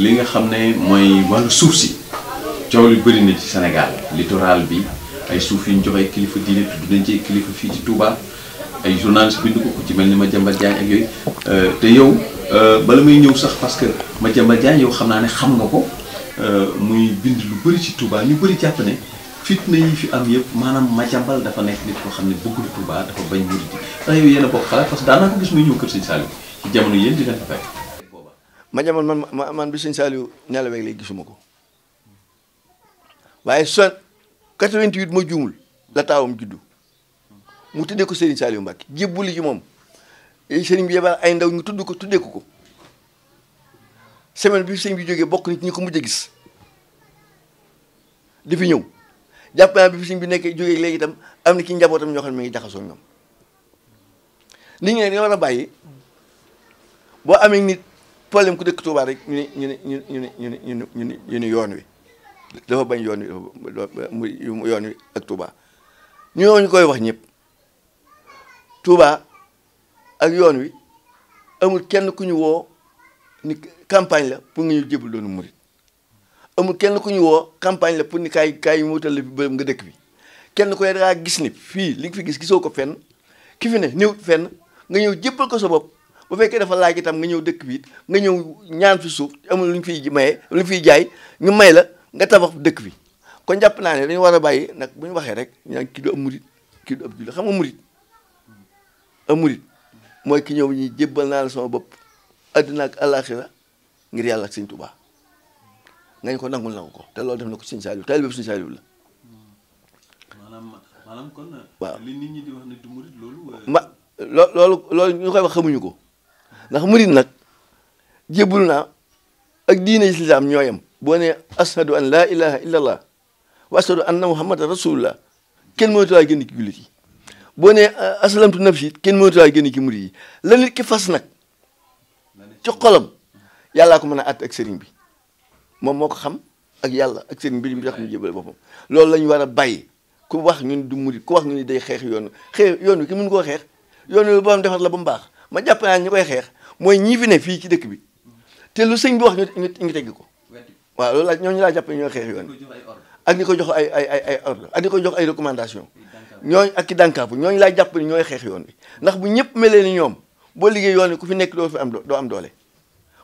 li nga xam ne mooy wàllu suuf si coow li ci Sénégal littoral bi ay suuf yi ñu joxee kilifa diine tudd nañ ci kilifa fii ci Touba ay journaliste bind ko ku ci mel ni ma Diagne ak yooyu euh, te yow euh, bala may ñëw sax parce que Madiambal Diagne yow xam naa ne xam nga ko Euh, muy bind lu bëri ci Touba ñu bëri jàpp ne fitna yi fi am yëpp maanaam Madiambal dafa nekk nit koo xam ne bëggul tubaa dafa bañ murid yi ndax yow yéen a bokk xalaat parce que daanaka gis muy ñëw kër Sëñ Saliou ci jamono yéen di leen fa fekk. Madiambal man man man bi Sëñ Saliou nelawee léegi gisuma ko waaye soixante 88 ma juumul la taawam juddu mu tuddee ko Serigne Saliou Mbacke jébbuli ji moom Serigne bi yebal ay ndaw ñu tudd ko tuddee ko ko. semaine bi sëñ bi jógee bokk nit ñu ko mujj a gis di fi ñëw jàpp bi bi sëñ bi nekk jógee léegi itam am na ki njabootam ñoo xam ne mi ngi jaxasoo ñoom nit a bàyyi boo amee nit problème ku dëkk Touba rek ñu ne ñu ñu ñu ñu ñu ne yoon wi dafa bañ yoon wi yoon wi Touba ñooñu koy wax ñépp Touba ak yoon wi amul kenn ku ñu woo ni campagne la pour nga ñu jébal doonu murit amul kenn ku ñu woo campagne la pour ni kaay kaay mu wutal la fi bërëb nga dëkk bi kenn ku ne gis ni fii li nga fi gis gisoo ko fenn ki fi ne néew fenn nga ñëw jébbal ko sa bopp bu fekkee dafa laaj itam nga ñëw dëkk bi nga ñëw ñaan fi suuf amul lu ñu fiy maye lu fiy jaay ñu may la nga tabax dëkk bi kon jàpp naa ne dañu war a bàyyi nag bu ñu waxee rek ñaan kii du am murit kii du ab jullit xam nga mooy ki ñëw ñi jébbal naa la bopp àddina ak àllaaxira ngir yàlla ak sëñ Tuubaa ngañ ko nangul nangu ko te loolu def na ko sëñ Saaliw taalibe sëñ Saaliw la. maanaam maanaam lool waaw li nit ñi di wax ne du murit loolu. Euh, ma loolu loolu ñu xamuñu ko ndax murit nag jébbalu na ak diine islaam ñooyam boo nee ashadu an laa ilaha illa allah wa ashadu anna muhammadan rasulullah kenn mënatu laa génn ki boo nee euh, aslamtu nafsi kenn mënatu laa génn ki murit yi la nit ki fas nag ci xolam yàllaa ko mën a àtt ak sëriñ bi moom moo ko xam ak yàlla ak sëriñ bi mu tax mu jébale boppam loolu la ñu war a bàyyi ku wax ñun du murit ku wax ñu ni day xeex yoon xeex yoon ki mun koo xeex yoon wi borom la ba mu baax ma jàpp naa ñu koy xeex mooy ñii fi fii ci dëkk bi te lu sëñ bi wax ñu ñu tegg ko waaw loolu laa ñooñu laa jàpp ne ñooy xeex yoon ak ñi ko jox ay ay ay ay ko jox ay recommandation ñooñu ak ki dànkaafu ñooñu laa jàpp ñooy xeex yoon bi ndax bu ñëpp melee ni ñoom boo liggéey yoon wi ku fi nekk doo fi am doo am doole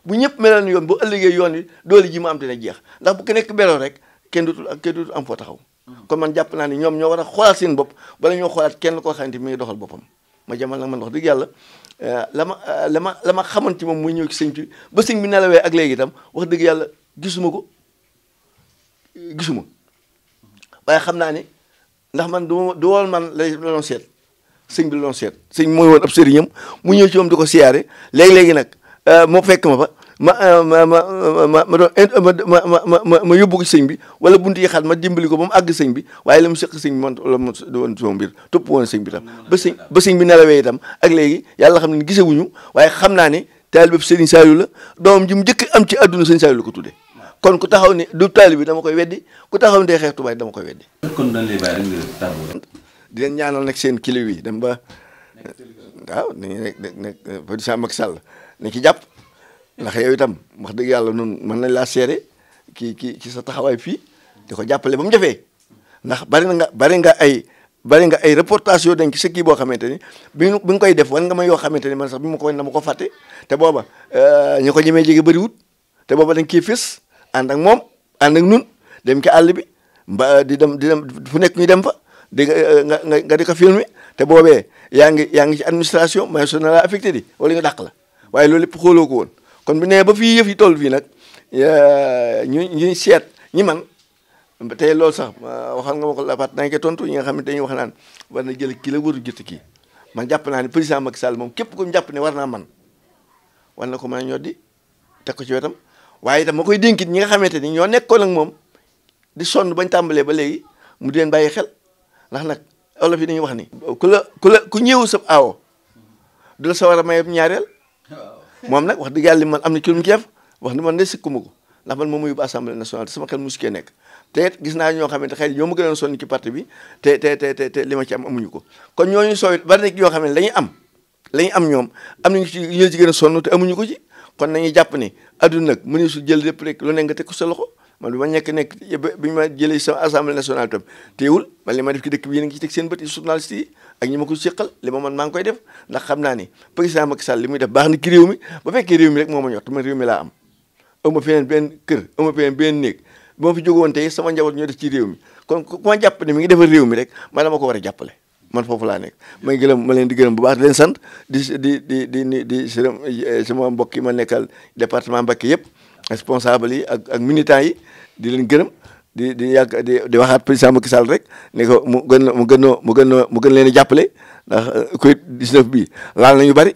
bu ñëpp meloon yoon bu ëllëgee yoon wi doole ji mu am dina jeex ndax bu ki nekk beloo rek kenn dutul kenn dutul am foo taxaw. kon man jàpp naa ni ñoom ñoo war a xoolaat seen bopp bala ñoo xoolaat kenn koo xamante mi ngi doxal boppam ma jamal nag man wax dëgg yàlla eh, la ma eh, la ma la ma xamoon ci moom muy ñëw ci sëñ bi ba sëñ bi nelawee ak léegi tam wax dëgg yàlla gisuma ko gisuma waaye xam naa ni ndax man du du woon man lay doon seet. sëñ bi la seet sëñ mooy woon ab sëriñam mu ñëw ci moom di ko siyaare léegi-léegi nag euh, moo fekk ma fa ma euh, ma ma euh, ma ma doon ma ma ma ma ma yóbbu sëñ bi wala buntu yi xat ma dimbali ko ba mu àgg sëñ bi waaye la mu seq sëñ bi man la mu doon sama mbir topp woon sëñ bi tam ba sëñ ba sëñ bi nelawee itam ak léegi yàlla xam ne gisewuñu waaye xam naa ne taalibe sëriñ Saliou la doom ji mu njëkk am ci àdduna sëñ Saliou la ko tuddee kon ku taxaw ne du taalibe bi dama koy weddi ku taxaw ne day xeex tubaay dama koy weddi. kon dañ lay di leen ñaanal nag seen kiliw yi dem ba waaw nañu nekk nekk président Macky Sall nañ ci jàpp ndax yow itam wax dëgg yàlla nun mën nañ laa seere ki ki ci sa taxawaay fii di ko jàppale ba mu jafee ndax bari na nga bari nga ay bari nga ay reportage yoo denc ci kii boo xamante ni bi bi nga koy def wan nga ma yoo xamante ni man sax bi ma ko wan dama ko fàtte te booba euh, ñu ko ñemee jege bariwut te booba dañ kii fis ànd ak moom ànd ak nun dem ki àll bi mba di dem di dem fu nekk ñu dem fa di eh, nga nga nga di ko filmé te boobee yaa ngi yaa ngi ci administration mais su na la affecté di wala nga dàq la waaye lool lépp xooloo ko woon kon bu nee ba fi yëf yi toll fi nag ñu ñu seet ñi man tey loolu sax waxal nga ma ko lafaat nañ ko tontu ñi nga xam ne dañuy wax naan war na jël kii la waru jëtt kii jàpp naa ne président Macky Sall moom képp ku mu jàpp ne war na ko mën a ñor di teg ko ci wetam waaye itam ma koy dénkit ñi nga xamante ni ñoo nekkoon ak moom di sonn bañ tàmbalee ba léegi mu di leen bàyyi xel ndax nag olof yi dañuy wax ni. ku la ku la ku ñëwu sab aawo du la sa war a mayeb ñaareel moom nag wax dëgg yàlla li man am na ci lu mu ci def wax ni man de sikkuma ko ndax man moom muy ba assemblée nationale te sama xel musu kee nekk te gis naa ñoo xamante xëy ñoo ma gënoon sonn ci parti bi te te te te li ma ci am amuñu ko kon ñoo ñu sooy bari na yoo xam ne la ñu am la ñu am ñoom am nañu ci ñoo ci gën a sonn te amuñu ko ci kon nañu jàpp ni adduna nag mëneesul jël lépp rek lu ne nga teg ko sa loxo man bi ma nekk nekk bi ma jëlee sama assemblée nationale tam teewul man li ma def ci dëkk bi yéen a ngi ci teg seen bët journaliste yi ak ñi ma ko séqal li ma man maa ngi koy def ndax xam naa ni président Macky Sall li muy def baax na ci réew mi ba fekkee réew mi rek moo ma ñor man réew mi laa am ama feneen benn kër ama feneen benn néeg ba ma fi jógoon tey sama njaboot ñoo def ci réew mi kon ku ma jàpp ne mi ngi defal réew mi rek man dama ko war a jàppale man foofu laa nekk may gërëm ma leen di gërëm bu baax di leen sant di di di di di sama mbokk yi ma nekkal département Mbacké yëpp responsable yi ak ak militants yi di leen gërëm di di yàgg di di waxaat président Macky Sall rek ne ko mu gën mu gën mu gën mu gën leen a jàppale ndax euh, Covid 19 bii laal nañu bari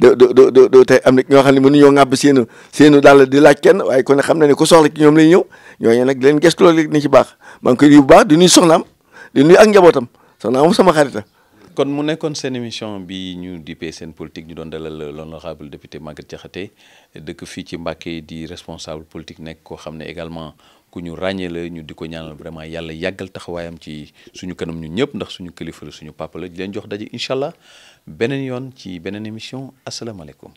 do do do do tey am na ñoo xam ne mënuñoo ŋàbb seenu seenu daal di laaj kenn waaye kon xam na ne ko soxla ci ñoom lay ñëw ñooy nag di leen gëstu loolu ni ci baax maa ngi koy baax di nuyu soxnaam di nuyu ak njabootam soxnaam sama xarita kon mu nekkoon seen émission bi ñu dippee seen politique ñu doon dalal l'honorable député Maguette Diakhaté dëkk fii ci Mbacké di responsable politique nekk koo xam ne également ku ñu ràññee la ñu di ko ñaanal vraiment yàlla yàggal taxawaayam ci suñu kanam ñu ñëpp ndax suñu kilifa suñu papa leen jox daje incha allah beneen yoon ci beneen émission asalaamaaleykum.